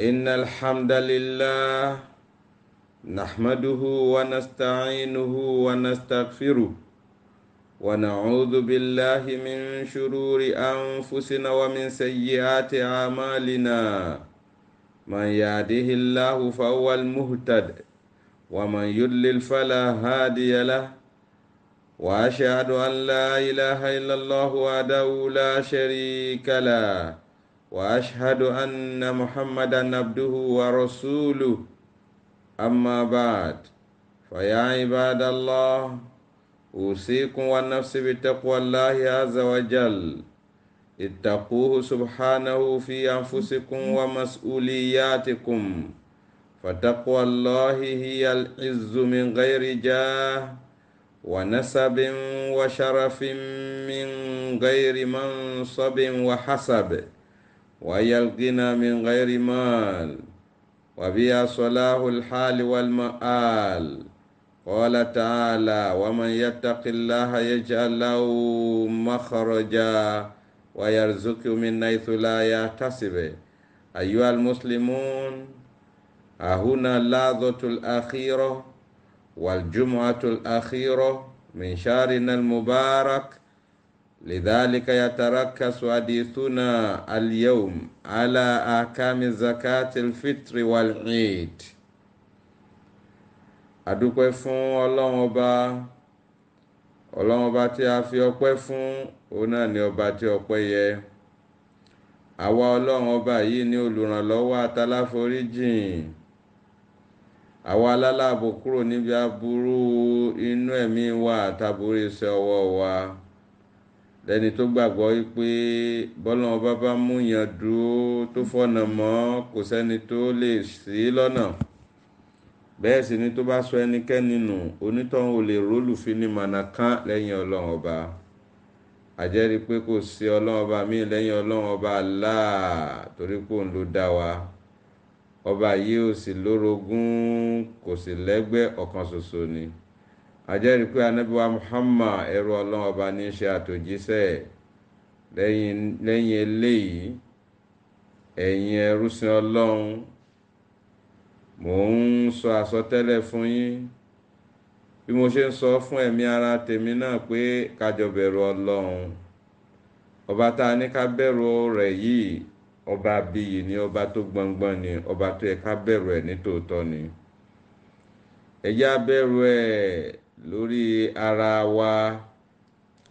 إن الحمد لله نحمده ونستعينه ونستغفره ونعوذ بالله من شرور أنفسنا ومن سيئات أعمالنا من يهده الله فهو المهتد ومن يضلل فلا هادي له وأشهد أن لا إله إلا الله وحده لا شريك له واشهد ان محمدا عبده ورسوله اما بعد فيا عباد الله اوصيكم والنفس بتقوى الله عز وجل اتقوه سبحانه في انفسكم ومسؤولياتكم فتقوى الله هي العز من غير جاه ونسب وشرف من غير منصب وحسب ويلقنا من غير مال وبها صلاح الحال والمآل قال تعالى ومن يتق الله يجعل له مخرجا ويرزقه من حيث لا يحتسب أيها المسلمون هنا اللحظة الأخيرة والجمعة الأخيرة من شهرنا المبارك لذلك يتركز حديثنا اليوم على أحكام زكاة الفطر والعيد adúpẹ́ fún ọlọ́run ọba ọlọ́run ọba tí a fi ọpẹ́ fún òun náà ni ọba tí ọpẹ́ yẹ àwa ọlọ́run ọba yìí ni olùrànlọ́wọ́ ataláforíjìn àwa alálàbò kúrò níbi aburú inú ẹ̀mí wa àtàbórí iṣẹ́ ọwọ́ Wa lẹ́ni tó gbàgbọ́ pé bọ́lọ́mọ bá bá mú yàn dúró tó fọ́nà mọ́ kò sẹ́ni tó lè ṣì lọ́nà bẹ́ẹ̀ sì ni tó bá sọ ẹnikẹ́ni nù onítọ̀hún ò lè rólùfín ní mọ̀nà kán lẹ́yìn ọlọ́run ọba àjẹ́rí pé kò sí ọlọ́run ọba míì lẹ́yìn ọlọ́run ọba Allah torí pé òun ló dá wa ọba yìí ò sì lórogún kò sì lẹ́gbẹ́ ọ̀kan ṣoṣo ni ajẹ́rìí pé ànábì Muhammad ẹrú ọlọ́run ọba ní í ṣe àtòjíṣẹ́ lẹ́yìn lẹ́yìn eléyìí ẹ̀yin ẹrúsìn ọlọ́run mò ń sọ àsọtẹ́lẹ̀ fún yín bí mo ṣe ń sọ fún ẹ̀mí ara tèmi náà pé kájọ bẹ̀rù ọlọ́run ọba tá a ní ká bẹ̀rù rẹ̀ yìí ọba abiyì ni ọba tó gbọngbọn ni ọba tó yẹ ká bẹ̀rù ẹ̀ nítòótọ́ ni ẹ̀yà bẹ̀rù ẹ̀ lórí ara wa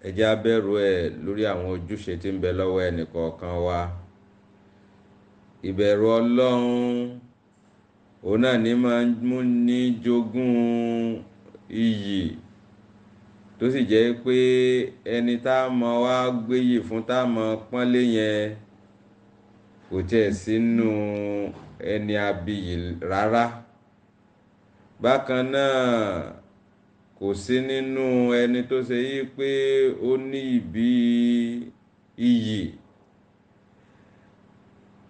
ẹ jẹ́ á bẹ̀rù ẹ̀ lórí àwọn ojúṣe tí ń bẹ lọ́wọ́ ẹnìkọ̀ọ̀kan wa ìbẹ̀rù ọlọ́run òun náà ní máa ń mú ní jogún iyì tó sì jẹ́ pé ẹni tá a mọ̀ wá gbéyì fún tá a mọ̀ pọ́nlé yẹn kò tiẹ̀ sínú ẹni abiyì rárá bákan náà kò sí nínú ẹni tó ṣe yí pé ó ní ibi iyì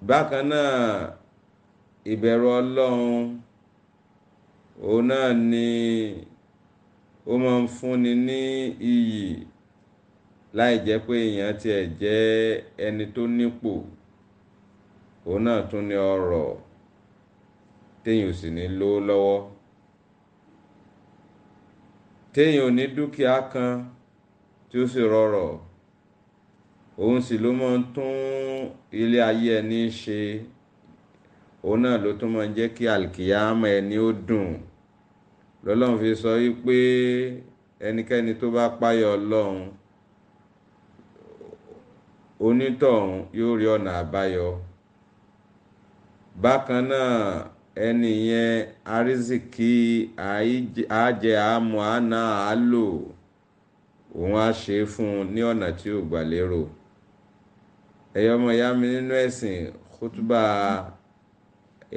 bákan náà ìbẹ̀rù ọlọ́run òun náà ni ó máa ń fúnni ní iyì láì jẹ́ pé èèyàn tiẹ̀ jẹ́ ẹni tó nípò òun náà tún ní ọrọ̀ téèyàn ò sì ní lówó lọ́wọ́. Lo téèyàn ò ní dúkìá kan tí ó sì rọrọ̀ òun sì ló máa ń tún ilé ayé ẹni ṣe òun náà ló tún máa ń jẹ́ kí àlìkìyámà ẹni ó dùn lọ́lọ́run fi sọ wípé ẹnikẹ́ni tó bá páyọ̀ ọlọ́run onítọ̀hún yóò rí ọ̀nà àbáyọ bákan náà ẹni yẹn arísìkí àájẹ àámu àná àálò òun á ṣe é fún un ní ọ̀nà tí ò gbà lérò ẹ̀yọ́ ọmọ ìyá mi nínú ẹ̀sìn kútúbà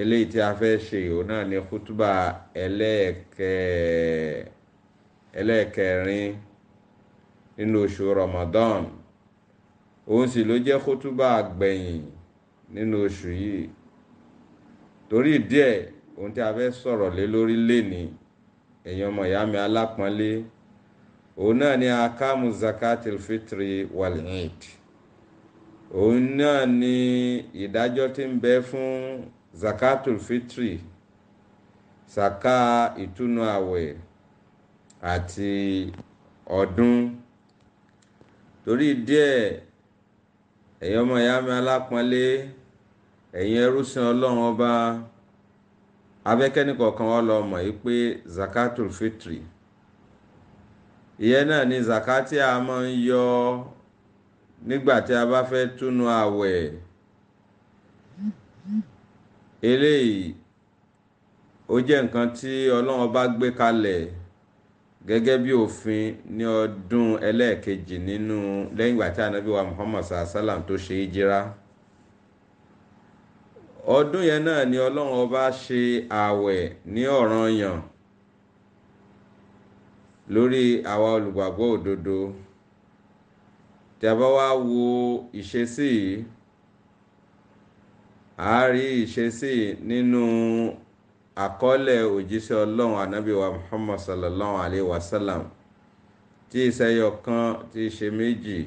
eléyìí tí a fẹ́ ṣe òun náà ni kútúbà ẹlẹ́ẹ̀kẹrin nínú oṣù Ramadan òun sì ló jẹ́ kútúbà gbẹ̀yìn nínú oṣù yìí torí ìdí ẹ̀ ohun tí a fẹ́ sọ̀rọ̀ lé lórí lénìí èèyàn ọmọ ìyá mi alápọ̀nlé òun náà ni akamu zakatil fitri wal eid òun náà ni ìdájọ́ tí ń bẹ fún zakatul fitri saka ìtúnu àwẹ̀ àti ọdún torí díẹ̀ ẹ̀yọ́mọ̀ ìyá mi alápọ̀nlé. E ẹ̀yin ẹrúsìn ọlọ́run ọba abẹ́kẹ́nìkọ̀ọ̀kan wa lọ mọ̀ yìí pé zakatul fitri ìyẹn náà ni zakati a máa ń yọ nígbà tí a bá fẹ́ túnú àwẹ̀ eléyìí ó jẹ́ nǹkan tí ọlọ́run ọba gbé kalẹ̀ gẹ́gẹ́ bí òfin ní ọdún ẹlẹ́ẹ̀kejì nínú lẹ́yìn ìgbà tí anabi muhammad sallallahu alaihi wa sallam tó ṣe é jìrá ọdún yẹn náà ni ọlọ́run ọba ṣe ààwẹ̀ ní ọ̀ranyàn lórí àwa olùgbàgbọ́ òdodo tí a bá wá wo ìṣesí yìí a rí ìṣesí nínú àkọọ́lẹ̀ òjíṣẹ́ ọlọ́run ànábì wa muhammad sallallahu alayhi wa sallam tí ìṣẹ́yọ kan tí í ṣe méjì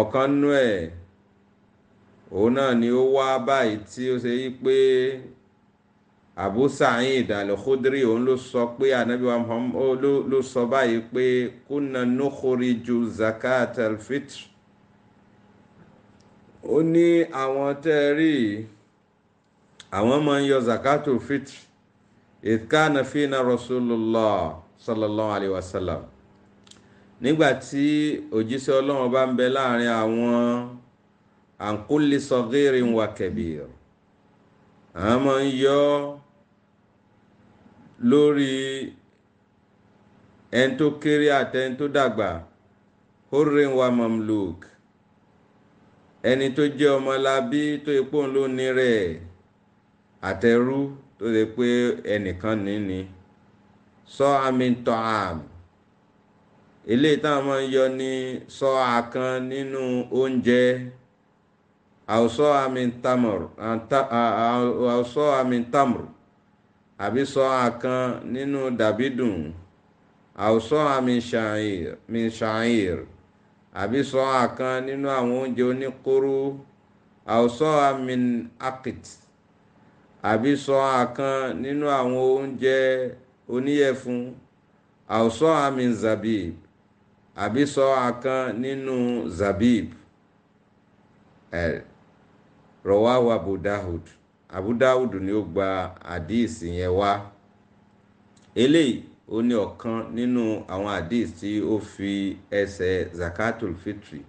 ọ̀kan nú ẹ̀ òun náà ni ó wá báyìí tí ó ṣe yí pé Abu Sa'id al-Khudri òun ló sọ pé anabi wa Muhammad ló sọ báyìí pé kunna nukhriju zakat al-fitr ó ní àwọn tẹ́ ẹ rí àwọn máa ń yọ zakat al-fitr idh kana sallallahu alayhi wa sallam nígbà tí òjíṣẹ́ ọlọ́run bá ń bẹ láàrin àwọn an kulli saghirin wa kabir a máa ń yọ lórí ẹni tó kéré àtẹni tó dàgbà hurrin wa mamluk ẹni tó jẹ́ ọmọlábí tó epo ń lò ní rẹ̀ àtẹrú tó lè pé ẹnìkan níní sọ àmì tọ́ àmì eléyìí táwọn máa ń yọ ní sọ àkan nínú oúnjẹ. So àwòsọ min tamr àwòsọ min tamr àbí sọ àkan nínú dàbídùn àwòsọ min sha'ir min sha'ir àbí sọ àkan nínú àwọn oúnjẹ oníkóró àwòsọ min akit àbí sọ àkan nínú àwọn oúnjẹ oníyẹ̀fun àwòsọ min zabib àbí sọ àkan nínú zabib. Eh, rọwáwá abu dahud abu dahud ni ó gba àdíìsì yẹn wá eléyìí ó ní ọ̀kan nínú àwọn àdíìsì tí ó fi ẹsẹ̀ zakatul fitri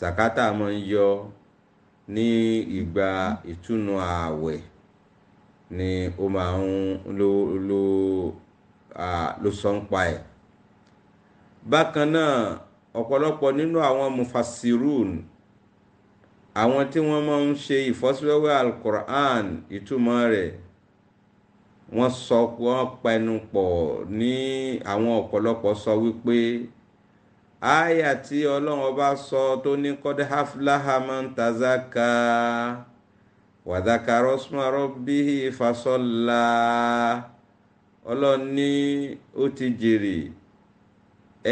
zakata máa ń yọ ní ìgbà ìtúnu ààwẹ̀ ni ó máa ń lo lo ló sọ ń pa ẹ̀ bákan náà ọ̀pọ̀lọpọ̀ nínú àwọn mufasirun àwọn tí wọ́n máa ń ṣe ìfọ́síwẹ́wẹ́ alukur'an ìtumọ̀ rẹ̀ wọ́n sọ wọ́n pẹnu pọ̀ ní àwọn ọ̀pọ̀lọpọ̀ sọ wípé àyà tí ọlọ́run ọba sọ tó ní kọ́dé haflahaman tazaka wàdàkà rọ́sùmárò bíi fasọ́lá ọlọ́run ní ó ti jèrè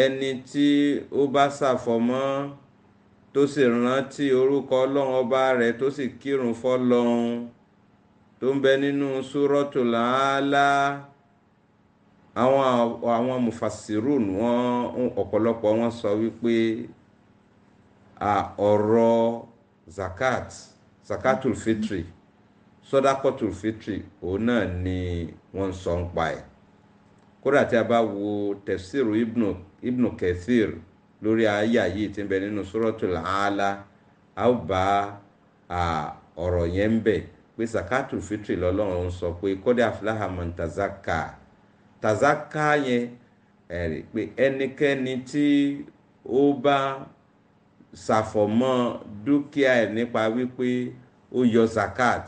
ẹni tí ó bá ṣàfọ̀mọ́ tó sì rántí orúkọ ọlọ́run ọba rẹ̀ tó sì kírun fọlọ́run tó ń bẹ nínú Suratul Aala àwọn àwọn mufasirun wọn ọ̀pọ̀lọpọ̀ wọn sọ wípé ọ̀rọ̀ zakat zakatul fitri sọdakọtul fitri òun náà ni wọ́n ń sọ ń pa ẹ̀ kódà tí a bá wo tafsiru ibnu ibnu Kathir lórí àyà yìí tí ń bẹ nínú suratul Ala a ó bá ọ̀rọ̀ yẹn ń bẹ̀ pé sakatul fitri lọ́lọ́run sọ pé kọ́dé aflaha man tazaka tazaka yẹn ẹ̀rí pé ẹnikẹ́ni tí ó bá ṣàfọ̀mọ́ dúkìá ẹ̀ nípa wípé ó yọ zakat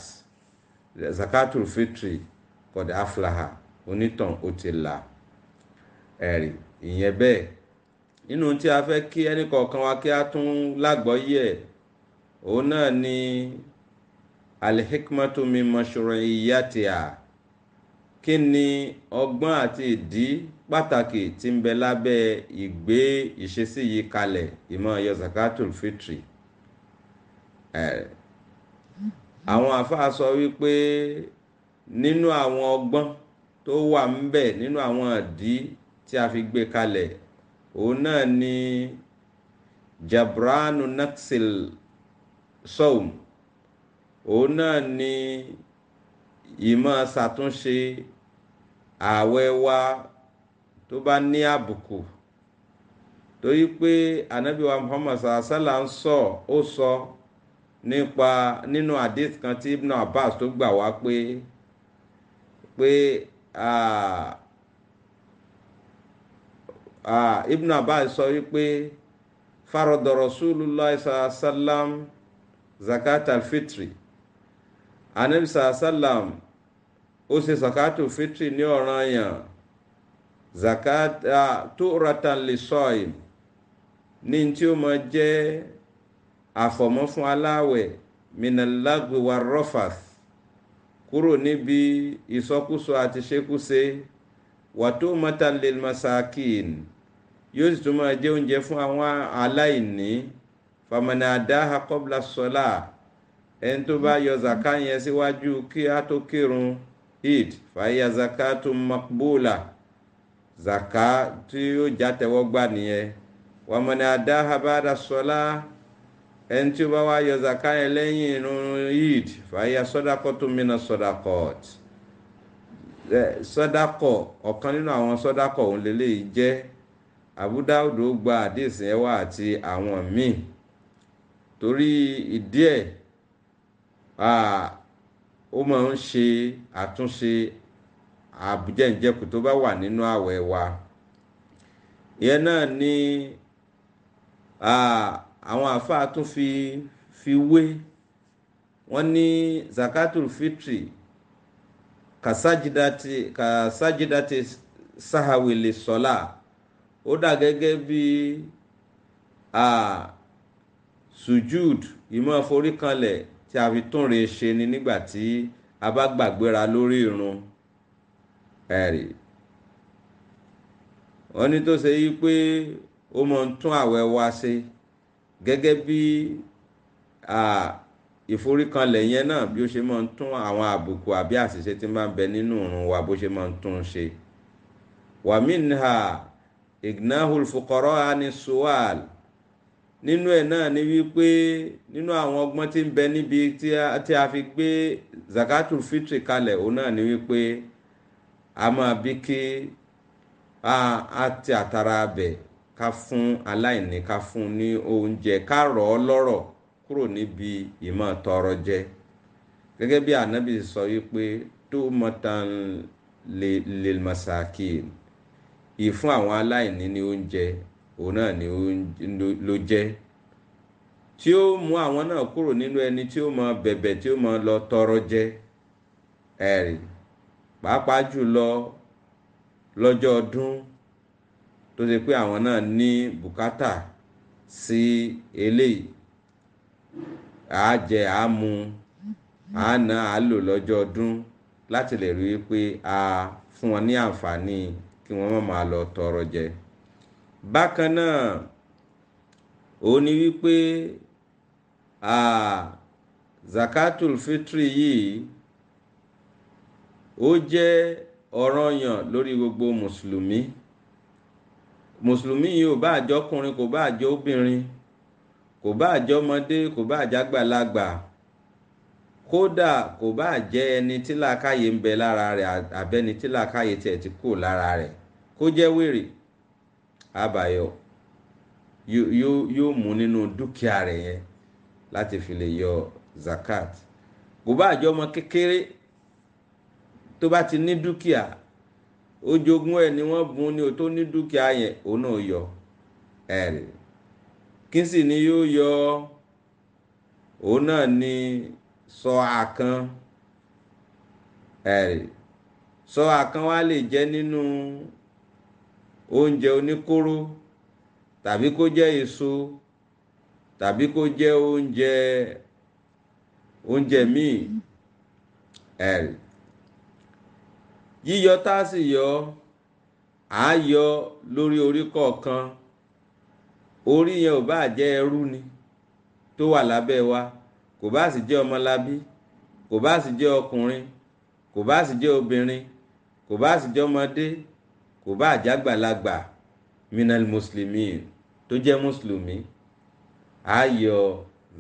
zakatu fitri kọ́dé aflaha onítàn ó ti là ẹ̀rí ìyẹn bẹ́ẹ̀ nínú tí a fẹ́ kí ẹnìkọ̀ọ̀kan wa kí a tún lágbọ́yé ẹ̀ òun náà ni alihikmatu min mashru'iyatiha kí ni ọgbọ́n àti ìdí pàtàkì tí ń bẹ lábẹ́ ìgbé ìṣesí yìí kalẹ̀ ìmọ̀ yọ zakatul fitri àwọn àfáà sọ wípé nínú àwọn ọgbọ́n tó wà ń bẹ nínú àwọn ìdí tí a fi gbé kalẹ̀ òun náà ni jabranu naxil sawm òun náà ni ìmọ̀ ṣàtúnṣe ààwẹ̀ wa tó bá ní àbùkù torí pé anabi wa muhammad sàlásàlà ń sọ ó sọ nípa nínú hadith kan tí ibn abbas tó gbà wá pé pé Ibn Abbas sọ wípé faradọ Rasulullah sallam zakat al-fitri anabi sallam ó ṣe zakat al-fitri ní ọ̀ranyàn zakat tu'ratan lis-sa'im ní tí ó máa jẹ́ àfọ̀mọ́ fún aláwẹ̀ minalagbe wa rọfas kúrò níbi ìsọkúsọ àti ṣekúṣe wàtó mọ́tàlélmasakin yóò sì tún máa jẹ oúnjẹ fún àwọn aláìní famana adáha kọ́bla sọ́lá ẹni tó bá yọ zaka yẹn síwájú kí á tó kírun id fàyà zaka tó makbúlà zaka tí yóò já tẹ́wọ́ gbà nìyẹn wàmana adáha bada sọ́lá ẹni tí ó bá wá yọ zaka yẹn lẹ́yìn irun id fàyà sọ́dakọ́ tó mìíràn sọ́dakọ́ sọ́dakọ́ ọ̀kan nínú àwọn sọ́dakọ́ òun lélẹ́yìí jẹ́ abúdáwùdó gba àdéhùn ẹwà àti àwọn míì torí ìdí ẹ̀ ó máa ń ṣe àtúnṣe àbújẹ̀ǹjẹ̀kù tó bá wà nínú àwẹ̀ wa ìyẹn náà ni àwọn àáfàá tún fi fi wé wọ́n ní zakatul fitri kasajidati kasajidati sahawili sọlá ó dà gẹ́gẹ́ bí sujud ìmọ̀ forí kanlẹ̀ tí a fi tún re ṣe ni nígbà tí a bá gbàgbéra lórí irun ẹ̀rì wọ́n ní tó ṣe yí pé ó mọ̀ ń tún àwẹ̀ wa ṣe gẹ́gẹ́ bí ìforíkanlẹ̀ yẹn náà bí ó ṣe máa ń tún àwọn àbùkù àbí àṣìṣe tí máa ń bẹ nínú òrùn wa bó ṣe máa ń tún ṣe wàmí ignahul fukọrọ ani suwal nínú ẹ̀ náà ni wípé nínú àwọn ọgbọ́n tí ń bẹ níbi tí a fi gbé zakatul fitri kalẹ̀ òun náà ni wípé a máa bí kí a ti àtàrà abẹ ká fún aláìní ká fún ní oúnjẹ ká rọ̀ ọ́ kuro kúrò níbi ìmọ̀ tọrọ jẹ gẹ́gẹ́ bí anabi sọ wípé tó mọ̀tàn lè masakin. le ìfún àwọn aláìní ni oúnjẹ òun náà ni ló jẹ́ tí ó mú àwọn náà kúrò nínú ẹni tí ó mọ bẹ̀bẹ̀ tí ó mọ lọ tọrọ jẹ ẹ̀rì pàápàá jùlọ lọ́jọ́ ọdún tó ṣe pé àwọn náà ní bùkátà sí eléyìí àá jẹ àá mu àá ná àá lò lọ́jọ́ ọdún láti lè rí i pé a fún wọn ní àǹfààní kí wọ́n má máa lọ tọrọ jẹ bákan náà òun ni wípé zakatul fitri yìí ó jẹ́ ọ̀ranyàn lórí gbogbo mùsùlùmí mùsùlùmí yìí ò bá àjọkùnrin kò bá àjọ obìnrin kò bá àjọmọdé kò bá àjàgbàlagbà kódà kò bá jẹ́ ẹni tí làákàyè ń bẹ lára rẹ̀ àbẹ́ni tí làákàyè tiẹ̀ ti kù lára rẹ̀ kó jẹ́ wèrè àbàyọ yóò mú nínú dúkìá rẹ̀ yẹn láti fi lè yọ zakat kò bá jẹ́ ọmọ kékeré tó bá ti ní dúkìá ó jogún ẹ̀ ni wọ́n bùn ni ó tó ní dúkìá yẹn òun náà yọ ẹ̀rì kí sì ni yóò yọ òun náà ni sọ àkan ẹ̀rì sọ àkan wa lè jẹ́ nínú oúnjẹ oníkóró tàbí kó jẹ́ èso tàbí kó jẹ́ oúnjẹ oúnjẹ míì ẹ̀rì yíyọ tá a sì yọ á yọ lórí orí kọ̀ọ̀kan orí yẹn ò bá jẹ́ ẹrú ni tó wà lábẹ́ wa kò bá sì jẹ́ ọmọlábí kò bá sì jẹ́ ọkùnrin kò bá sì jẹ́ obìnrin kò bá sì jẹ́ ọmọdé kò bá àjàgbàlagbà minal muslimin tó jẹ́ mùsùlùmí á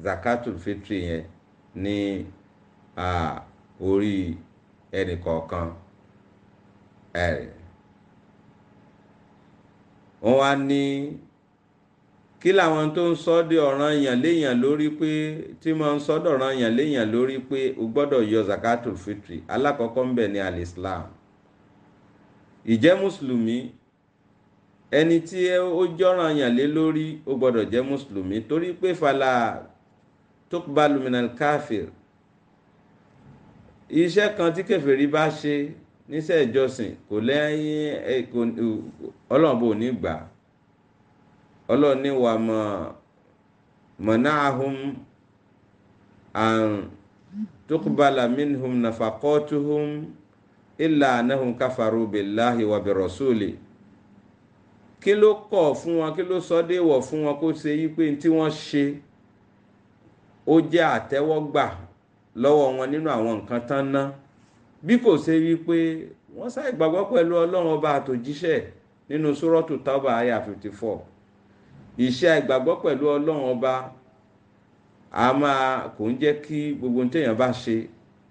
zakatul fitri yẹn ní orí ẹnì kọ̀ọ̀kan ẹ̀rẹ̀ wọ́n wá ní kí làwọn tó ń sọ de ọ̀ràn yàn léèyàn lórí pé tí mo ń sọ dọ̀ràn yàn léèyàn lórí pé o gbọ́dọ̀ yọ zakatul fitri alákọ̀ọ́kọ́ ń bẹ̀ ní alislam ìjẹ́ mùsùlùmí ẹni tí ó jọ́ràn yàn lé lórí o gbọ́dọ̀ jẹ́ mùsùlùmí torí pé fàlà tukbalu minal kafir iṣẹ́ kan tí kèfèrí bá ṣe níṣẹ́ ìjọsìn kò lẹ́yìn ọlọ́run bò ní gbà ọlọ́run ní wà mọ̀ mọ̀náhùn àrùn tukubala minhum nafakotuhum illa anahum kafaru billahi wa birasuli kí ló kọ̀ fún wọn kí ló sọ dé wọ̀ fún wọn kó ṣe yí pé tí wọ́n ṣe ó jẹ́ àtẹ́wọ́gbà lọ́wọ́ wọn nínú àwọn nǹkan tán ná bí kò ṣe wí pé wọ́n ṣàìgbàgbọ́ pẹ̀lú ọlọ́run ọba àtòjíṣẹ́ nínú sórọ́tù tábà àyà fifty four iṣẹ́ ìgbàgbọ́ pẹ̀lú ọlọ́run ọba a máa kò ń jẹ́ kí gbogbo ohun téèyàn bá ṣe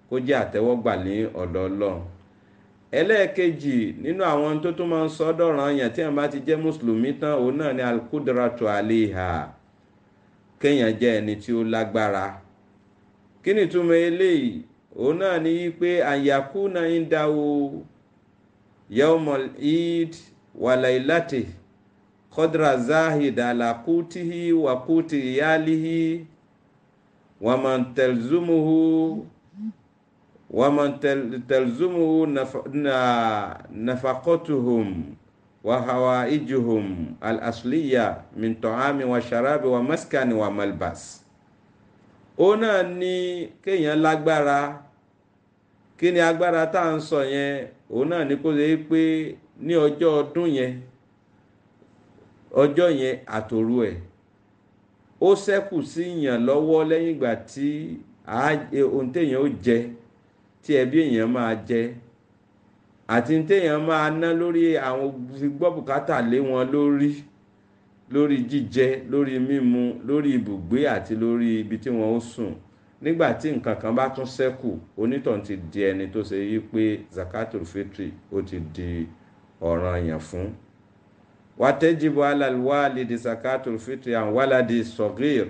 kó jẹ́ àtẹ́wọ́gbà ní ọ̀dọ̀ ọlọ́run ẹlẹ́ẹ̀kejì nínú àwọn tó tún máa ń sọ dọ̀ràn yẹn tí èèyàn bá ti jẹ́ mùsùlùmí tán òun náà ni alukudratu aliha kéèyàn jẹ́ ẹni tí ó lágbára kí ni túmọ̀ eléyìí òun náà ni wípé àyàkú náà ń dáwó yawmal eid wàlàyé látè kọ́dra zahida ala kutihi wa kuti yalihi waman telzumuhu waman telzumuhu nafakotuhum wa hawaijuhum al asliya min ta'ami wa sharabi wa maskani wa malbas ó náà ní kéèyàn lágbára kí ni agbára tá à ń sọ yẹn òun náà ní kó ṣe é pé ní ọjọ́ ọdún yẹn ọjọ́ yẹn àtòru ẹ̀ ó ṣẹ́kù sí yàn lọ́wọ́ lẹ́yìn ìgbà tí ohun téèyàn ó jẹ tí ẹbí èèyàn máa jẹ àti téèyàn máa ná lórí àwọn gbọ́ bùkátà lé wọn lórí lórí jíjẹ lórí mímu lórí ibùgbé àti lórí ibi tí wọn ó sùn nígbà tí nǹkan kan bá tún ṣẹ́kù onítàn ti di ẹni tó ṣe yí pé zakatul fitri ó ti di ọ̀ranyàn fún wàtẹ́jìbò alàlùwàlìdì zakatul fitri àwàlàdì sọ̀gìr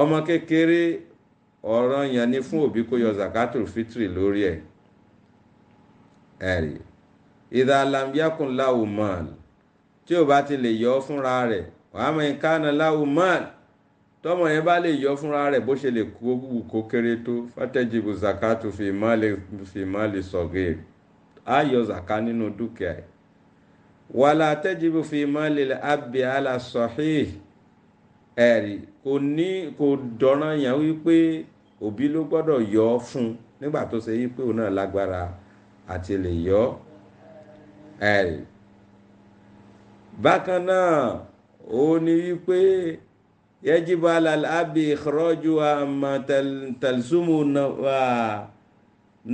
ọmọ kékeré ọ̀ranyàn ni fún òbí kó yọ zakatul fitri lórí ẹ̀ ẹ̀rí ìdá alambiakun láwùmọ́ọ̀lù tí ò bá ti lè yọ ọ́ fúnra rẹ̀ wàá mọ̀ ìkànnà láwùmọ́ọ̀lù tọmọ yẹn bá lè yọ fúnra rẹ̀ bó ṣe lè kó wù kó kéré tó fàtẹ́jìbò zakatul fi má lè sọ̀gìr á yọ zaka nínú dúkìá ẹ̀ wàlá tẹ́jìbù fi mọ́lẹ̀ abì alásọ̀hí ẹ̀rí kò ní kò dọ̀ràn yàn wípé òbí ló gbọ́dọ̀ yọ ọ́ fún un nígbà tó ṣe wípé òun náà lágbára àti lè yọ ọ́ ẹ̀rí bákan náà ó ní wípé yẹjibu alalabi ìkọrọjú àmà tẹlifíṣùmù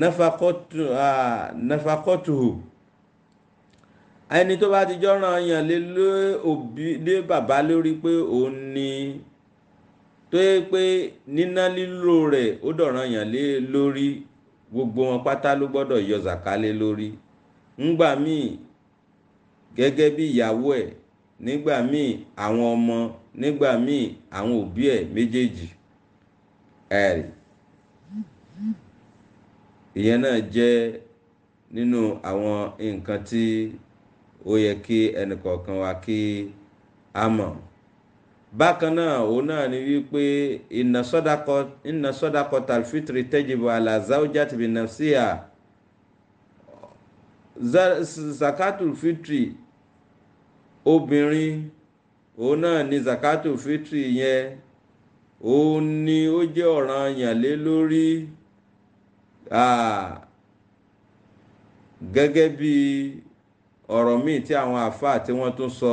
nàfàkọtù nàfàkọtù ẹni tó bá ti jọ́ràn yàn lé òbí lé bàbá lórí pé òun ni tó yẹ pé níná lílò rẹ̀ ó dọ̀ràn yàn lé lórí gbogbo wọn pátá ló gbọ́dọ̀ yọ zàkálẹ̀ lórí ńgbà míì gẹ́gẹ́ bí ìyàwó ẹ̀ nígbà míì àwọn ọmọ nígbà míì àwọn òbí ẹ̀ méjèèjì ẹ̀rì ìyẹn náà jẹ́ nínú àwọn nǹkan tí ó yẹ kí ẹnìkọ̀ọ̀kan wa kí a mọ̀ bákan náà òun náà ni wípé inna sadaqa inna sadaqatal fitri tajibu ala zawjati bi nafsiha zakatul fitri obìnrin òun náà ni zakatu fitri yẹn òun ni ó jẹ́ ọ̀ranyàn lé lórí gẹ́gẹ́ bíi ọ̀rọ̀ míì tí àwọn àáfàá tí wọ́n tún sọ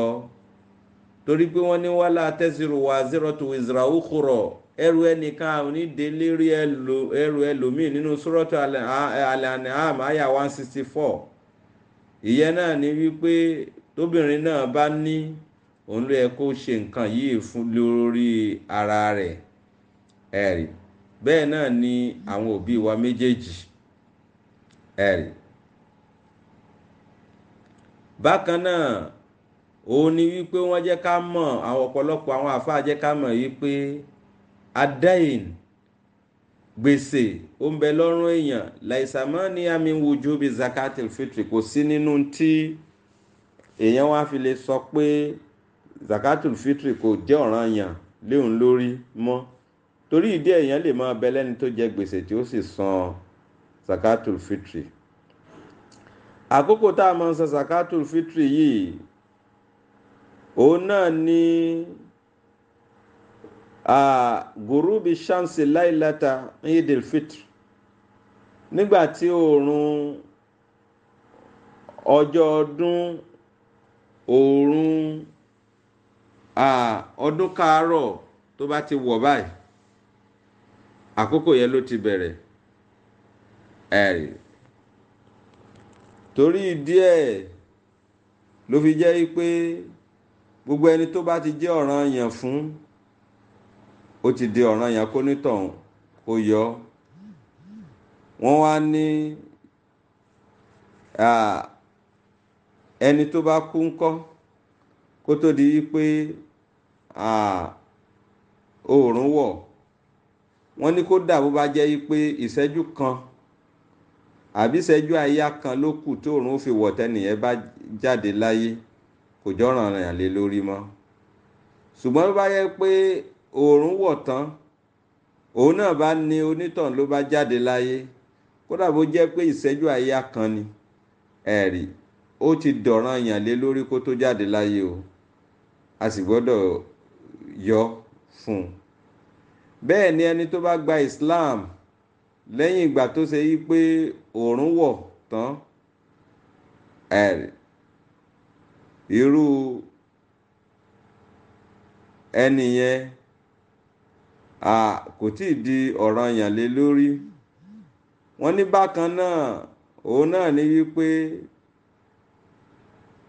torí pé wọ́n ní wàhálà tẹ́sírù wa zero to isra okoro ẹrù ẹnìkan àwọn onídélé rí ẹrù ẹlòmíì nínú sọ́rọ́tò alaniam aya one sixty four ìyẹn náà ni wípé tóbìnrin náà bá ní òun ló yẹ kó ṣe nǹkan yìí fún lórí ara rẹ̀ ẹ̀rì bẹ́ẹ̀ náà ni àwọn òbí wa méjèèjì ẹ̀rì bákan náà òun ni wípé wọ́n jẹ́ ká mọ̀ àwọn ọ̀pọ̀lọpọ̀ àwọn àfáà jẹ́ ká mọ̀ wípé adáìn gbèsè ó ń bẹ lọ́rùn èèyàn láìsàmọ́ ní àmì wojú bíi zakati fitri kò sí nínú tí èèyàn wá fi lè sọ pé zakati fitri kò jẹ́ ọ̀ranyàn léun lórí mọ́ torí ìdí èèyàn lè máa bẹ lẹ́ni tó jẹ gbèsè tí ó sì san zakati fitri àkókò tá a máa san zakatul fitri yìí òun náà ni gurubi shamsi lailata idil fitri nígbà tí oòrùn ọjọ́ ọdún oòrùn ọdún kaarọ̀ tó bá ti wọ̀ báyìí àkókò yẹn ló ti bẹ̀rẹ̀ ẹ̀rì. Eh, torí ìdí ẹ̀ ló fi jẹ́ pé gbogbo ẹni tó bá ti jẹ́ ọ̀ranyàn fún ó ti di ọ̀ranyàn kó nítọ̀hún kó yọ wọ́n wá ní ẹni tó bá kú ńkọ́ kó tó di wípé oòrùn wọ̀ wọ́n ní kó dà bó bá jẹ́ wípé ìṣẹ́jú kan àbí ṣẹ́jú àyà kan ló kù tóòrùn ó fi wọ̀ tẹ́nìyẹn bá jáde láyé kò jọ́ràn ràn lé lórí mọ́ ṣùgbọ́n ló bá yẹ pé oòrùn wọ̀ tán òun náà bá ní onítàn ló bá jáde láyé kódà bó jẹ́ pé ìṣẹ́jú àyà kan ni ẹ̀rí ó ti dọ̀ràn yàn lé lórí kó tó jáde láyé o a sì gbọ́dọ̀ yọ fún un bẹ́ẹ̀ ni ẹni tó bá gba Islam lẹ́yìn ìgbà tó ṣe yí pé oòrùn wọ̀ tán irú ẹni yẹn kò tí ì di ọ̀ranyàn lé lórí wọ́n ní bákan náà òun náà ní wípé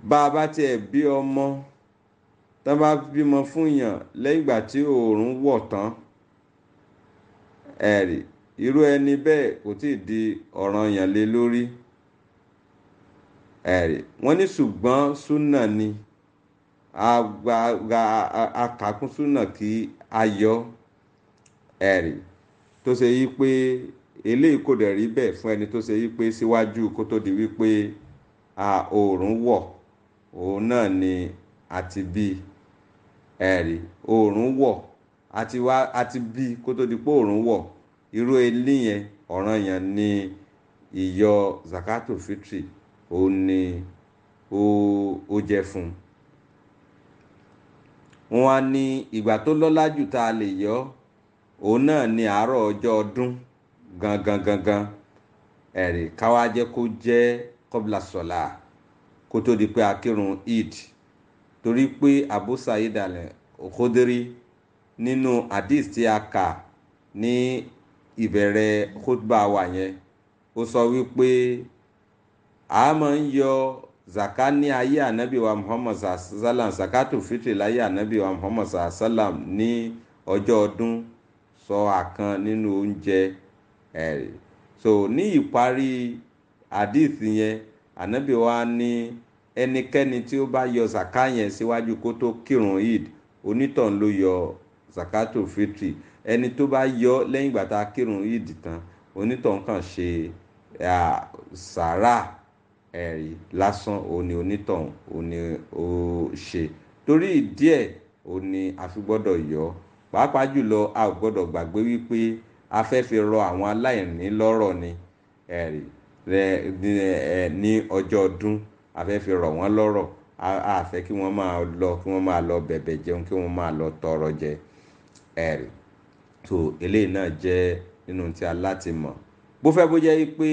bá a bá tiẹ̀ bí ọmọ tán bá bímọ fún yàn lẹ́yìn ìgbà tí oòrùn wọ̀ tán ẹ̀rì irú ẹni bẹ́ẹ̀ kò tí ì di ọ̀ranyàn lé lórí ẹ̀rí wọ́n ní ṣùgbọ́n súnà ni àgbàgbà akàkún súnà kí a yọ ẹ̀rí tó ṣe yí pé eléyìí kò dẹ̀ rí bẹ́ẹ̀ fún ẹni tó ṣe yí pé síwájú kó tó di wípé oòrùn wọ̀ òun náà ni àti bí ẹ̀rí oòrùn wọ̀ àti bí kó tó di pé oòrùn wọ̀ irú ilé yẹn ọ̀ràn yẹn ni ìyọ zakato fitri ó ní ó ó jẹ́ fún un wọn á ní ìgbà tó lọ́lá jù tá a lè yọ òun náà ní àárọ̀ ọjọ́ ọdún gangan gangan ẹ̀rì káwá jẹ́ kó jẹ́ kọ́bla sọ̀la kó tó di pé akírun eid torí pé Abu Sa'id al nínú hadith tí a kà ní ìbẹ̀rẹ̀ khutba wa yẹn ó sọ wípé a máa ń yọ zaka ní ayé ànábì wa muhammad sallam zakatu fitri láyé ànábì wa muhammad sallam ní ọjọ́ ọdún sọ àkan nínú oúnjẹ ẹ̀rí so ní ìparí hadith yẹn ànábì wa ní ẹnikẹ́ni tí ó bá yọ zaka yẹn síwájú kó tó kírun eid onítàn ló yọ zakatu fitri ẹni tó bá yọ lẹ́yìn ìgbà tá a kírun yídì tán onítọ̀hún kàn ṣe sàárà ẹ̀rí lásán òní onítọ̀hún òní ó ṣe torí ìdí ẹ̀ òní àfi gbọ́dọ̀ yọ pàápàá jùlọ a ò gbọ́dọ̀ gbàgbé wípé a fẹ́ fi rọ àwọn aláìní lọ́rọ̀ ni ẹ̀rí ní ọjọ́ ọdún a fẹ́ fi rọ̀ wọ́n lọ́rọ̀ a fẹ́ kí wọ́n máa lọ kí wọ́n máa lọ bẹ̀bẹ̀ jẹun kí wọ́n máa lọ tọrọ jẹ ẹ̀rí so eléyìí náà jẹ́ nínú tí a láti mọ̀ bó fẹ́ bó jẹ́ pé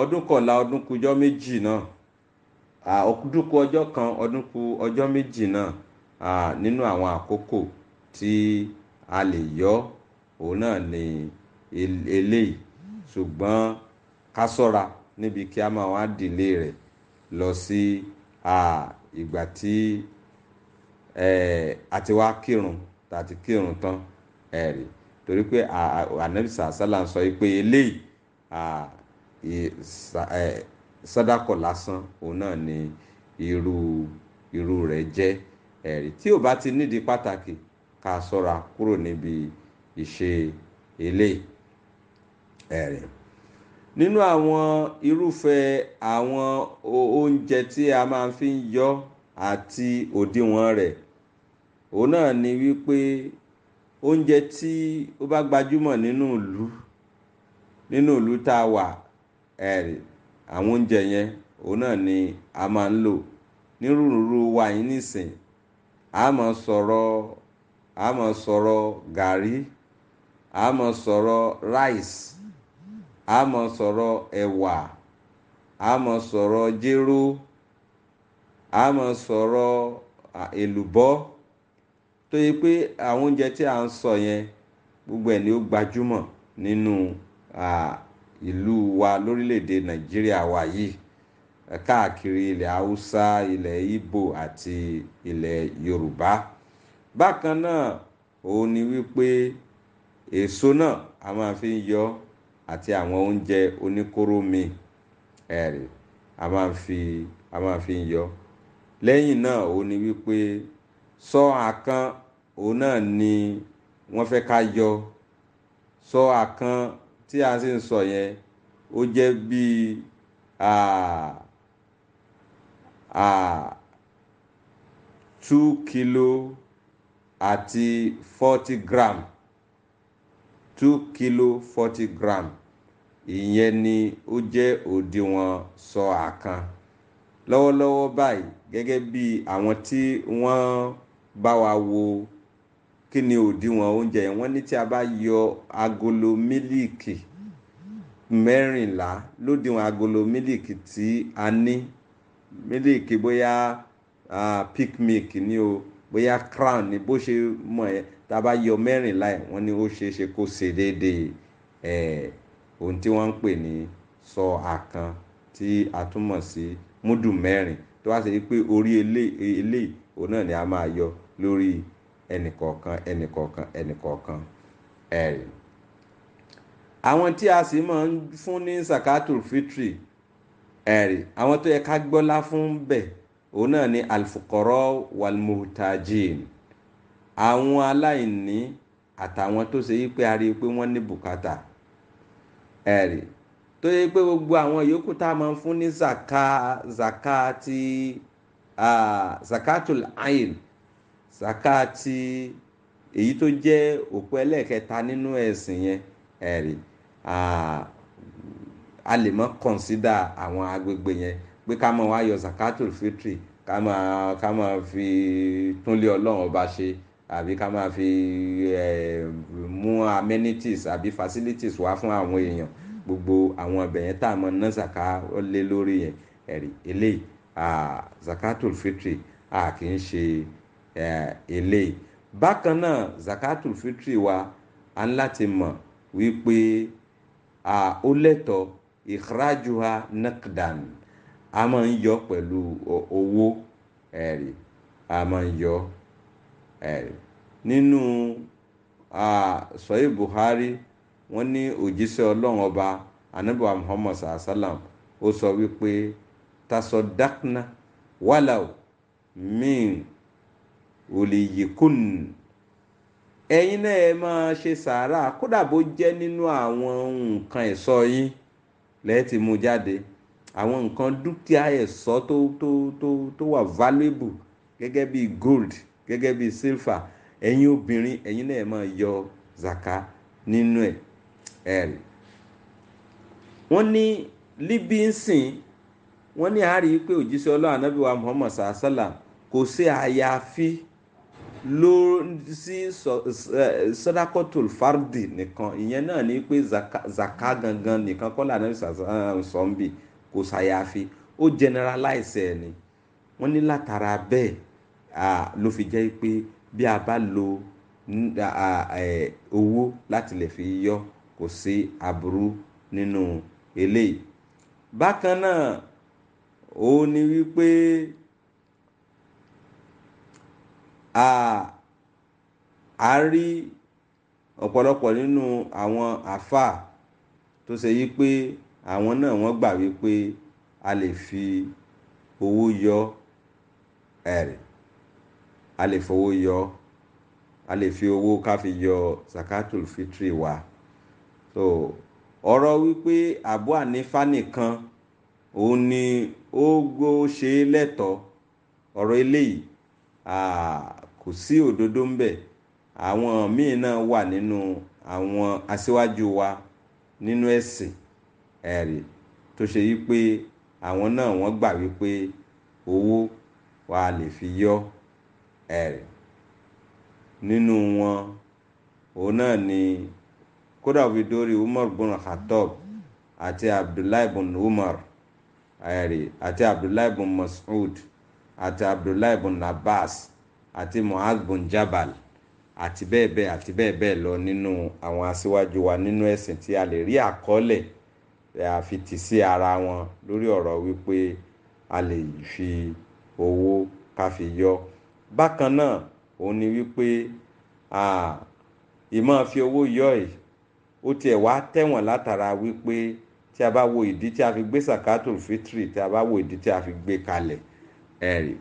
ọdún kọ̀ọ̀la ọdún kù ọjọ́ méjì náà ọdún kù ọjọ́ kan ọdún kù ọjọ́ méjì náà nínú àwọn àkókò tí a lè yọ òun náà ni eléyìí ṣùgbọ́n ká ṣọ́ra níbi kí a máa wá dìlé rẹ̀ lọ sí ìgbà tí a ti wá kírun tàti kírun tán ẹ̀rí torí pé anabi sàásàlà ń sọ pé eléyìí sádàkọ̀ lásán òun náà ni irú irú rẹ̀ jẹ́ ẹ̀rí tí ò bá ti nídìí pàtàkì ká ṣọ́ra kúrò níbi ìṣe eléyìí ẹ̀rí nínú àwọn irúfẹ́ àwọn oúnjẹ tí a máa fi ń yọ àti òdiwọ̀n rẹ̀ òun náà ni wípé oúnjẹ tí ó bá gbajúmọ̀ nínú ìlú nínú ìlú tá a wà ẹ̀rì àwọn oúnjẹ yẹn òun náà ni a máa ń lò nírúurú wa yìí nísìn a máa sọ̀rọ̀ a máa sọ̀rọ̀ gàrí a máa sọ̀rọ̀ rice a máa sọ̀rọ̀ ẹ̀wà a máa sọ̀rọ̀ jéró a máa sọ̀rọ̀ èlùbọ́. Uh, tó yẹ pé àwọn oúnjẹ tí a ń sọ yẹn gbogbo ẹ̀ ni ó gbajúmọ̀ nínú ìlú wa lórílẹ̀‐èdè nàìjíríà wa yìí káàkiri ilẹ̀ haúsá ilẹ̀ ibo àti ilẹ̀ yorùbá bákan náà òun ni wípé èso náà a máa fi ń yọ àti àwọn oúnjẹ oníkóró mi ẹ̀rì a máa fi a máa fi ń yọ lẹ́yìn náà òun ni wípé sọ àkàn òun náà ni wọ́n fẹ́ ká yọ sọ àkàn tí a sì ń sọ yẹn ó jẹ́ bíi two kilo àti forty gram two kilo forty gram ìyẹn ni ó jẹ́ òdiwọ̀n sọ àkàn lọ́wọ́lọ́wọ́ báyìí gẹ́gẹ́ bí àwọn tí wọ́n bá wa wo kí ni òdiwọ̀n oúnjẹ yẹn wọ́n ní tí a bá yọ agolo mílíìkì mẹ́rìnlá lódiwọ̀n agolo mílíìkì tí a ní mílíìkì bóyá uh, pick milk ni o bóyá crown ni bó ṣe mọ̀ ẹ́ tá a bá yọ mẹ́rìnlá ẹ̀ wọ́n ní ó ṣeé ṣe kó ṣe déédéé ẹ̀ ohun tí wọ́n ń pè ní sọ àkàn tí a tún mọ̀ sí múdù mẹ́rin tó wá ṣe pé orí eléyìí òun náà ni a máa yọ lórí ẹnìkọ̀ọ̀kan ẹnìkọ̀ọ̀kan ẹnìkọ̀ọ̀kan ẹ̀rì. àwọn tí a sì máa ń fún ní zakatul fitri ẹ̀rì àwọn tó yẹ ká gbọ́lá fún bẹ́ẹ̀ òun náà ni alfukọrọ walmuhtajin àwọn aláìní àtàwọn tó ṣe yí pé a rí i pé wọ́n ní bùkátà ẹ̀rì tó yẹ pé gbogbo àwọn yòókù tá a máa ń fún ní zaka zaka ti uh, zakatul ayin sàká ti èyí tó jẹ́ òpó ẹlẹ́ẹ̀kẹta nínú ẹ̀sìn yẹn ẹ̀rí a lè mọ́ kọ̀nsídà àwọn agbègbè yẹn pé ká máa wá yọ zakatul fitri ká máa fi túnlé ọlọ́run ọba ṣe àbí ká máa fi mú amenities àbí facilities wá fún àwọn èèyàn gbogbo àwọn ọbẹ̀ yẹn tá a mọ̀ ná zaka lé lórí yẹn ẹ̀rí eléyìí zakatul fitri a kì í ṣe eléyìí bákan náà zakatul fitri wa a ń láti mọ̀ wípé ó lẹ́tọ̀ ìkírájúwa nakdan a máa ń yọ pẹ̀lú owó ẹ̀rí a máa ń yọ ẹ̀rí nínú sọ́yìn Buhari wọ́n ní òjíṣẹ́ ọlọ́run ọba anábọ̀ Muhammad sàásálàm ó sọ wípé tasọ̀dákùnà wàláwù míì olèyìkùn ẹ̀yin náà ẹ máa ṣe sàárà kódà bó jẹ́ nínú àwọn nǹkan ẹ̀ṣọ́ yín lẹ́ẹ̀tì mú jáde àwọn nǹkan dúkìá ẹ̀ṣọ́ tó tó tó tó wà valuable gẹ́gẹ́ bí gold gẹ́gẹ́ bí silver ẹ̀yin obìnrin ẹ̀yin náà ẹ máa yọ zaka nínú ẹ̀ ẹ̀rì wọ́n ní libi ń sìn wọ́n ní àárí pé òjíṣẹ́ ọlọ́run anábìwá muhammad sallam kò sí àyàfi lórí sí sọdákọtò fárúdì nìkan ìyẹn náà ní pé zaka gangan nìkan kọ́ lànà sọ̀nbì kò ṣàyàfi ó generalize ẹ̀ ni wọ́n ní látara bẹ́ẹ̀ ló fi jẹ́ pé bí a bá lo owó láti lè fi yọ kò sí aburú nínú eléyìí bákan náà òun ni wípé a rí ọ̀pọ̀lọpọ̀ nínú àwọn àfà tó ṣe yí pé àwọn náà wọ́n gbà wípé a lè fi owó yọ ẹ̀rì a lè fowó yọ a lè fi owó ká fi yọ zakatul fitri wa so ọ̀rọ̀ wípé Abu Hanifa nìkan òun ni ó gbó ṣe lẹ́tọ̀ọ́ ọ̀rọ̀ eléyìí kò sí òdodo ń bẹ̀ àwọn míì náà wà nínú àwọn aṣíwájú wa nínú ẹ̀sìn ẹ̀rí tó ṣe yí pé àwọn náà wọ́n gbà wípé owó wa lè fi yọ ẹ̀rí nínú wọn òun náà ni kódà fi dórí Umar bin Khattab àti Abdullahi bin Umar ẹ̀rí àti Abdullahi bin Mas'ud àti Abdullahi bin Abbas àti Mu'adh bun Jabal àti bẹ́ẹ̀ bẹ́ẹ̀ àti bẹ́ẹ̀ bẹ́ẹ̀ lọ nínú àwọn aṣíwájú wa nínú ẹ̀sìn tí a lè rí àkọọ́lẹ̀ àfi tì sí ara wọn lórí ọ̀rọ̀ wípé a lè fi owó ká fi yọ bákan náà òun ni wípé ìmọ̀ fi owó yọ ẹ̀ ó tiẹ̀ wá tẹ̀wọ̀n látara wípé tí a bá wo ìdí tí a fi gbé sakatul fitri tí a bá wo ìdí tí a fi gbé kalẹ̀ ẹ̀rí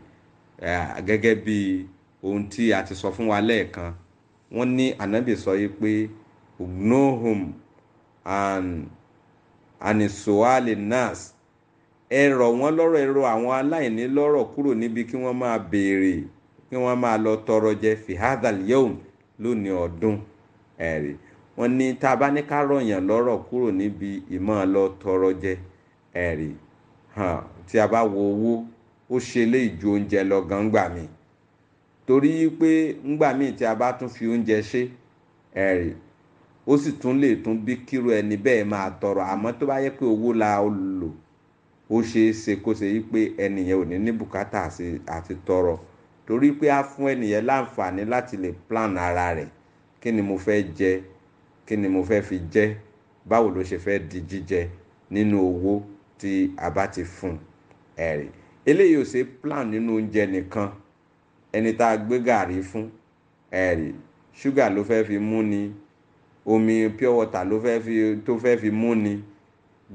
gẹ́gẹ́ bíi ohun tí a ti sọ fún wa lẹ́ẹ̀kan wọ́n ní ànábì sọ yìí pé ugnohum and anisoale nas ẹ rọ̀ wọ́n lọ́rọ̀ ẹ rọ̀ àwọn aláìní lọ́rọ̀ kúrò níbi kí wọ́n máa béèrè kí wọ́n máa lọ tọrọ jẹ fihadal yom lónìí ọdún ẹ̀rí wọ́n ní tá a bá ní ká rọ̀yàn lọ́rọ̀ kúrò níbi ìmọ̀ lọ tọrọ jẹ ẹ̀rí tí a bá wo owó ó ṣe lé ìju oúnjẹ lọ gangba mi torí pé ngbà míì tí a bá tún fi oúnjẹ ṣe ẹ̀rì ó sì tún lè tún bí kíró ẹni bẹ́ẹ̀ máa tọrọ àmọ́ tó bá yẹ pé owó la lò ó ṣeé ṣe kó ṣe yí pé ẹnìyẹn ò ní ní bùkátà àti tọrọ torí pé a fún ẹnìyẹn láǹfààní láti lè plan ara rẹ̀ kí ni mo fẹ́ jẹ kí ni mo fẹ́ fi jẹ báwo ló ṣe fẹ́ di jíjẹ nínú owó tí a bá ti fún ẹ̀rì eléyìí ò ṣe plan nínú oúnjẹ nìkan ẹni tá a gbé gàrí fún ẹ̀rí ṣúgà ló fẹ́ fi mú ni omi pure water ló fẹ́ fi tó fẹ́ fi mú ni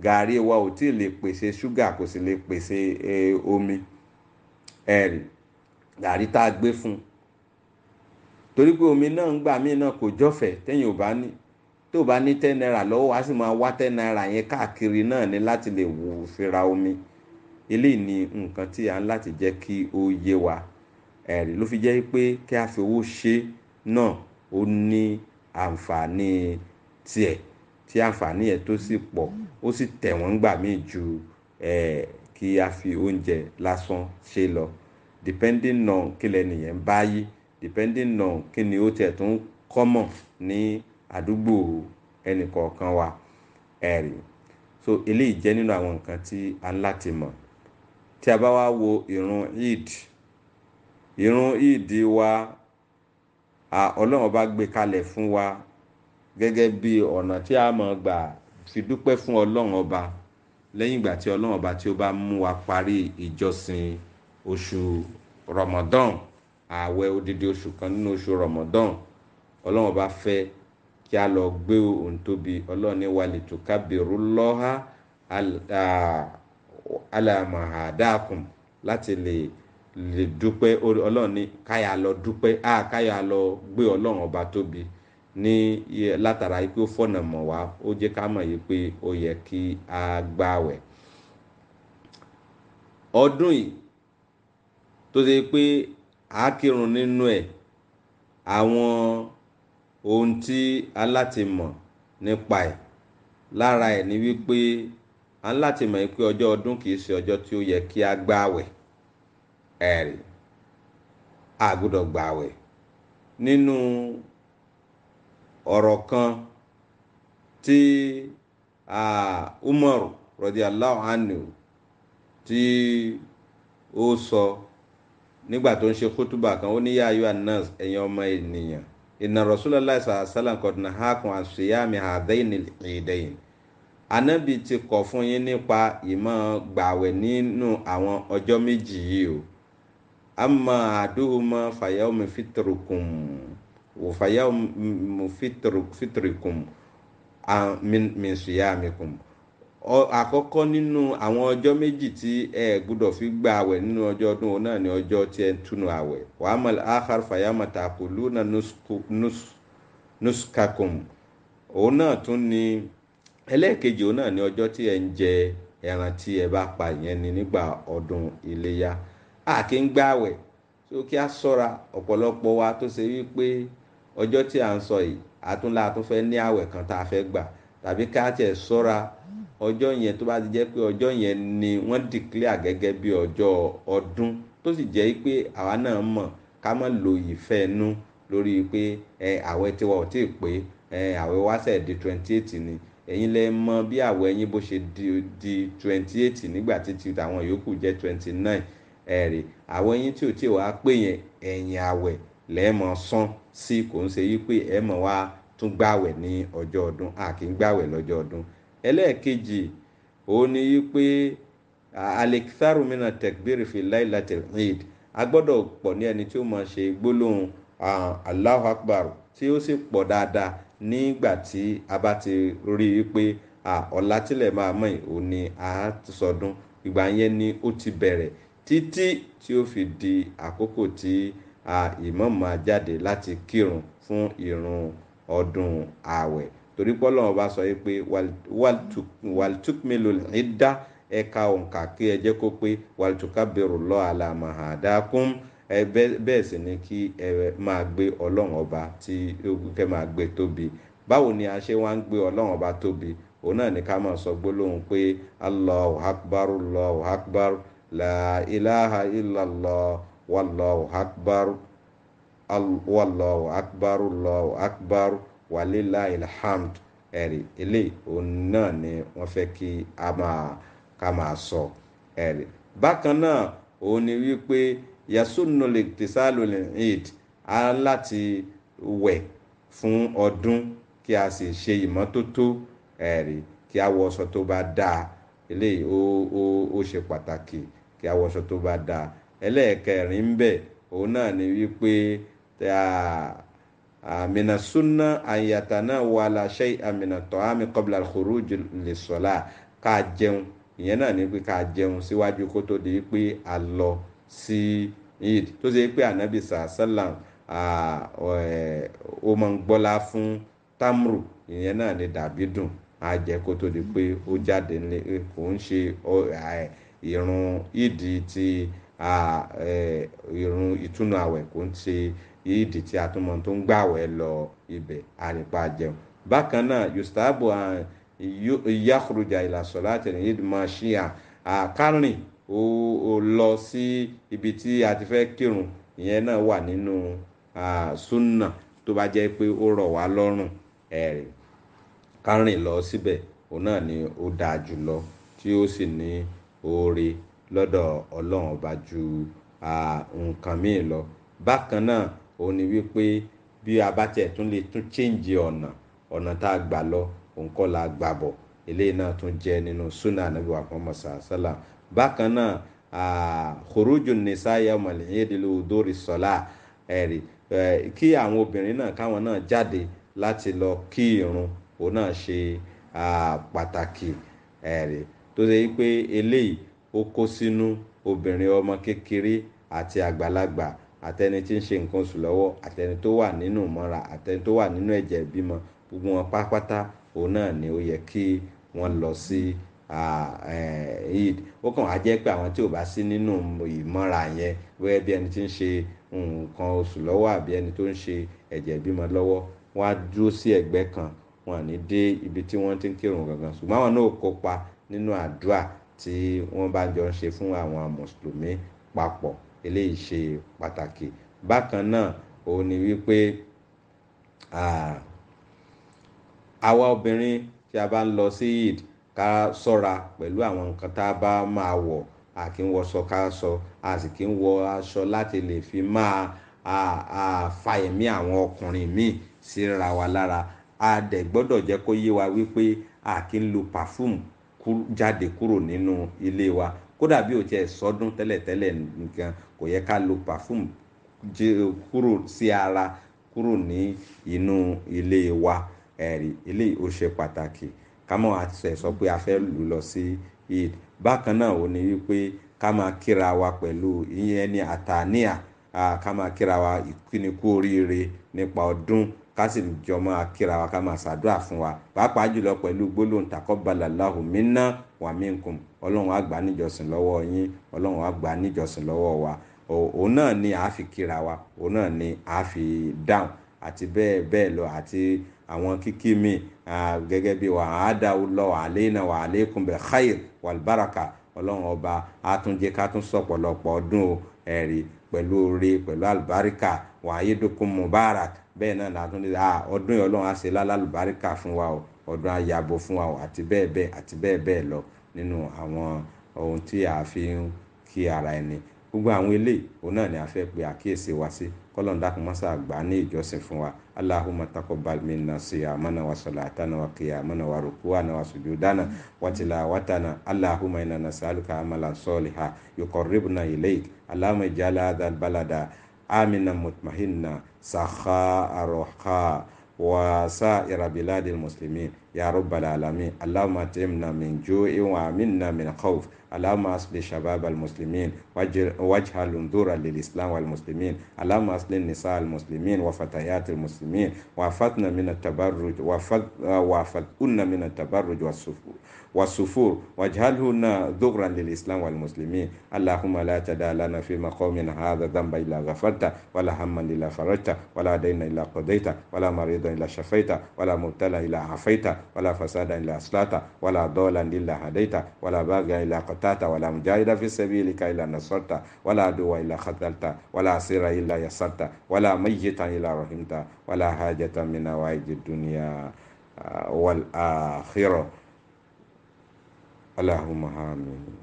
gàrí wa ò tí ì lè pèsè ṣúgà kò sì lè pèsè omi ẹ̀rí gàrí tá a gbé fún torí pé omi náà ń gbà míì náà kò jọ̀fẹ̀ tẹ́yìn ò bá ní tó bá ní ten naira lọ́wọ́ wá sì máa wá ten naira yẹn káàkiri náà ni láti lè wù ú omi eléyìí ni nǹkan tí à ń láti jẹ́ kí ó yé wa ẹ̀rí ló fi jẹ́ pé kí a fi owó ṣe náà ó ní àǹfààní tiẹ̀ tí àǹfààní ẹ̀ tó sì pọ̀ ó sì tẹ̀wọ́n gbà míì ju ẹ̀ kí a fi oúnjẹ lásán ṣe lọ depending on kí lẹ́nìyẹn bá yí depending on kí ni ó tiẹ̀ tó ń kọ́mọ̀ ní àdúgbò ẹnìkọ̀ọ̀kan wa ẹ̀rí so eléyìí jẹ́ nínú àwọn nǹkan tí a ń láti mọ̀ tí a bá wá wo ìrun Eid ìrun ìdí wa ọlọ́run bá gbé kalẹ̀ fún wa gẹ́gẹ́ bí ọ̀nà tí a máa gbà fi dúpẹ́ fún ọlọ́run ọba lẹ́yìn ìgbà tí ọlọ́run ọba tí ó bá mú wa parí ìjọsìn oṣù rọmọdán ààwẹ̀ odidi oṣù kan nínú oṣù rọmọdán ọlọ́run ọba fẹ́ kí a lọ gbé ohun tóbi ọlọ́run ní wa lè tùkà bẹ̀rù lọ́ha alàmàhàdákùn láti lè. Al, lè dúpẹ́ ọlọ́run ní káyà lọ dúpẹ́ á káyà lọ gbé ọlọ́run ọba tóbi ní látara yìí pé ó fọ̀nà mọ̀ wá ó jẹ́ ká mọ̀ yìí pé ó yẹ kí a gbààwẹ̀. ọdún yìí tó ṣe pé a kírun nínú ẹ̀ àwọn ohun tí alátìmọ̀ nípa ẹ̀ lára ẹ̀ ni wípé alátìmọ̀ yìí pé ọjọ́ ọdún kìí ṣe ọjọ́ tí ó yẹ kí a gbààwẹ̀ ẹ̀rí àgùdọ̀ gbàwẹ̀ nínú ọ̀rọ̀ kan tí Umar radiyallahu anhu tí ó sọ nígbà tó ń ṣe kútùbà kan ó ní yá ayọ́ anas ẹ̀yin ọmọ ènìyàn inna Rasulullahi sallallahu alaihi wasallam qad nahakum an siyami hadhaini al-iidayn anábì ti kọ̀ fún yín nípa ìmọ̀ gbàwẹ̀ nínú àwọn ọjọ́ méjì yìí o ama aduhuma fayawmi fitrukum wa fayawmi fitruk fitrikum a, min, min siyamikum àkọ́kọ́ nínú àwọn ọjọ́ méjì tí ẹ gbúdọ̀ fi gba àwẹ̀ nínú ọjọ́ ọdún òun náà ni ọjọ́ tí ẹ ń túnu àwẹ̀ wàá mọ̀ akhar fayama takulu na nuskakum òun náà ni ẹlẹ́ẹ̀kejì òun náà ni ọjọ́ tí ń jẹ ẹran bá pa ìyẹn ni nígbà ọdún iléyá àkè ń gbààwẹ̀ tó kí a sọ́ra ọ̀pọ̀lọpọ̀ wa tó ṣe wípé ọjọ́ tí à ń sọ yìí àtúnlá tó fẹ́ ní àwẹ̀ kan tá a fẹ́ gbà tàbí ká tiẹ̀ sọ́ra ọjọ́ yẹn tó bá ti jẹ́ pé ọjọ́ yẹn ni wọ́n declare gẹ́gẹ́ bí ọjọ́ ọdún tó sì jẹ́ pé àwa náà mọ̀ ká má lo ìfẹ́ inú lórí pé ẹ àwẹ̀ tiwa ò tíì pé ẹ àwẹ̀ wa ṣe di twenty eight ni ẹ̀yin lẹ mọ̀ bí àwẹ̀ yín bó ṣe di twenty eight nígbà títí àwọn yòókù jẹ́ twenty nine ẹ̀rì àwọn eyín tí ò tí ò wá pé yẹn ẹ̀yìn àwẹ̀ lẹ́ẹ̀mọ̀ sán sí kò ń ṣe wípé ẹ̀ mọ̀ wá tún gbàwẹ̀ ní ọjọ́ ọdún a kì gbàwẹ̀ lọ́jọ́ ọdún ẹlẹ́ẹ̀kejì òun ni wípé alekitharu mina tekbiri fi lailatul pọ̀ ní ẹni tí ó máa ṣe gbólóhùn allahu akbar tí ó sì pọ̀ dáadáa nígbà tí a bá ti rí i pé ọ̀la tilẹ̀ máa mọ̀ ò ní àá sọdún ìgbà yẹn ni ó ti bẹ̀rẹ̀ títí tí ó fi di àkókò tí a ìmáàmù máa jáde láti kírun fún ìrun ọdún ààwẹ̀ torí pé Ọlọ́run bá sọ pé wàltúkmílò ìdá ẹ̀ka òǹkà kí ẹ jẹ́ kó pé wàltúkàbẹ̀rù lọ́ àlàmàdákùn bẹ́ẹ̀ sì ni kí ẹ máa gbé Ọlọ́run ọba tí kẹ́ máa gbé tóbi báwo ni a ṣe wá ń gbé Ọlọ́run ọba tóbi òun náà ni ká máa sọ gbólóhùn pé Allahu akbar Allahu akbar la ilaha illallah wallahu akbar wallahu akbar wallahu akbar walilahi alhamd ẹ̀rí eléyìí òun náà ni wọ́n fẹ́ kí a máa ká máa sọ ẹ̀rí bákan náà òun ni wípé yasunu lè tẹ̀sálò lè eid a láti wẹ̀ fún ọdún kí a sì ṣe ìmọ́tótó ẹ̀rí kí a wọ aṣọ tó bá dáa eléyìí ó ó ó ṣe pàtàkì kí a wọṣọ tó bá dáa ẹlẹ́ẹ̀kẹrin ń bẹ̀ òun náà ni wípé àmìnà súnà àyàtà náà wà láṣẹ àmìnà tọ́ àmì kọ́bìlà kòrò jù lè sọ̀lá ká jẹun ìyẹn náà ni pé ká jẹun síwájú kó tó di pé a lọ sí eid tó ṣe pé ànábì sàásàlám ó máa ń gbọ́lá fún tamru ìyẹn náà ni dàbí dùn a jẹ kó tó di pé ó jáde nílé kò ń ṣe ìrun ìdí ti ìrun ìtúnu àwẹ̀ kò ń ṣe ìdí tí a tún mọ tó ń gbàwẹ̀ lọ ibẹ̀ àrípa jẹun bákan náà yustabu yakhruja ila salati al-eid mashia àkárìn ó lọ sí ibi tí a ti fẹ́ kírun ìyẹn náà wà nínú sunna tó bá jẹ́ pé ó rọ̀ wá lọ́rùn ẹ̀rì kárìn lọ síbẹ̀ òun náà ni ó dáa jùlọ tí ó sì ní oore lọ́dọ̀ ọlọ́run ọba ju nǹkan míì lọ bákan náà òun ni wípé bí a bá tiẹ̀ tún lè tún change ọ̀nà ọ̀nà tá a gbà lọ òun kọ́ la gbà bọ̀ eléyìí náà tún jẹ́ nínú sunnah Ànábì wa Muhammad sàlá bákan náà khuruju nisa yawmal eid lu dórí sọlá ẹ̀rí kí àwọn obìnrin náà káwọn náà jáde láti lọ kí irun òun náà ṣe pàtàkì ẹ̀rí tó ṣe pé eléyìí ó kó sínú obìnrin ọmọ kékeré àti àgbàlagbà àtẹni tí ń ṣe nǹkan oṣù lọ́wọ́ àtẹni tó wà nínú ìmọ́ra àtẹni tó wà nínú ẹ̀jẹ̀ ìbímọ gbogbo wọn pátápátá òun náà ni ó yẹ kí wọ́n lọ sí eid ó kàn á jẹ́ pé àwọn tí ò bá sí nínú ìmọ́ra yẹn wẹ́ẹ́ bí ẹni tí ń ṣe nǹkan oṣù lọ́wọ́ àbí ẹni tó ń ṣe ẹ̀jẹ̀ ìbímọ lọ́wọ́ wọ́n á dúró sí ẹ̀gbẹ́ kan wọn à ní dé ibi tí wọ́n ti ń kírun gangan ṣùgbọ́n àwọn náà kópa nínú àdúrà tí wọ́n bá jọ ń ṣe fún àwọn mùsùlùmí papọ̀ eléyìí ṣe pàtàkì bákan náà òun ni wípé àwa obìnrin tí a bá ń lọ sí Eid ká ṣọ́ra pẹ̀lú àwọn nǹkan tá a bá máa wọ̀ a kì í wọṣọ ká sọ a sì kì í wọ aṣọ láti lè fi máa fa ẹ̀mí àwọn ọkùnrin míì síra wa lára a dẹ̀ gbọ́dọ̀ jẹ́ kó yé wa wípé a kì í lo perfume jáde kúrò nínú ilé wa kódà bí o tiẹ̀ sọdún tẹ́lẹ̀tẹ́lẹ̀ nìkan kò yẹ ká lo perfume kúrò sí ara kúrò ní inú ilé wa ẹ̀rí ilé ò ṣe pàtàkì ká mọ̀ àṣẹ sọ pé a fẹ́ lù lọ sí Eid bákan náà ò ní wípé ká máa kíra wa pẹ̀lú ìyẹn ní àtàníà ká máa kíra wa ìkíni kú oríire nípa ọdún ká sì jọ máa kíra wa ká máa ṣàdúrà fún wa pàápàá jùlọ pẹ̀lú gbólóhùn taqabbalallahu minna wa minkum ọlọ́run àgbà níjọsìn lọ́wọ́ yín ọlọ́run àgbà níjọsìn lọ́wọ́ wa òun náà ni a fi kíra wa òun náà ni a fi dáhùn àti bẹ́ẹ̀ bẹ́ẹ̀ lọ àti àwọn kíkí mi gẹ́gẹ́ bí wa àádá lọ àléna wa alaykum bil khair wal baraka ọlọ́run ọba á tún jẹ́ ká tún sọ̀pọ̀lọpọ̀ ọdún ẹ̀rí pẹ̀lú oore pẹ̀lú àlùbáríkà wà á yédokun mubarak bẹ́ẹ̀ náà látún lè ọdún yìí ọlọ́run á ṣe lálùbáríkà fún wa o ọdún àyàbò fún wa o àti bẹ́ẹ̀ bẹ́ẹ̀ àti bẹ́ẹ̀ bẹ́ẹ̀ lọ nínú àwọn ohun tí a fi ń kí ara ẹni gbogbo àwọn eléyìí òun náà ni a fẹ́ pe àkíyèsí wa sí kọ́lọ́n dákun mọ́sá àgbà ní ìjọsìn fún wa allahumma taqabbal minna siyamana wa salatana wa qiyamana wa rukuana wa sujudana wa tilawatana allahumma inna nas'aluka amalan soliha yuqarribuna ilayk allahumma ij'al hadha albalada aminan mutmahinna sakhaa raha wa sa'ira biladil muslimin يا رب العالمين اللهم اتمنا من جوع وامنا من خوف اللهم اصلح شباب المسلمين واجعل انظورا للاسلام والمسلمين اللهم اصلح نساء المسلمين وفتيات المسلمين وافتنا من التبرج وافتنا من التبرج والسفور والسفور واجعلهن ذغرا للإسلام والمسلمين اللهم لا تدع لنا في مقامنا هذا ذنبا إلا غفرته ولا هما إلا فرجته ولا دين إلا قضيته ولا مريضا إلا شفيته ولا مبتلى إلا عافيته ولا فسادا إلا اصلاته ولا ضالا إلا هديته ولا باغيا إلا قتاته ولا مجاهدا في سبيلك إلا نصرته ولا عدوا إلا خذلته ولا أسيرا إلا يسرته ولا ميتا إلا رحمته ولا حاجة من نواجد الدنيا آه، والآخرة اللهم آمين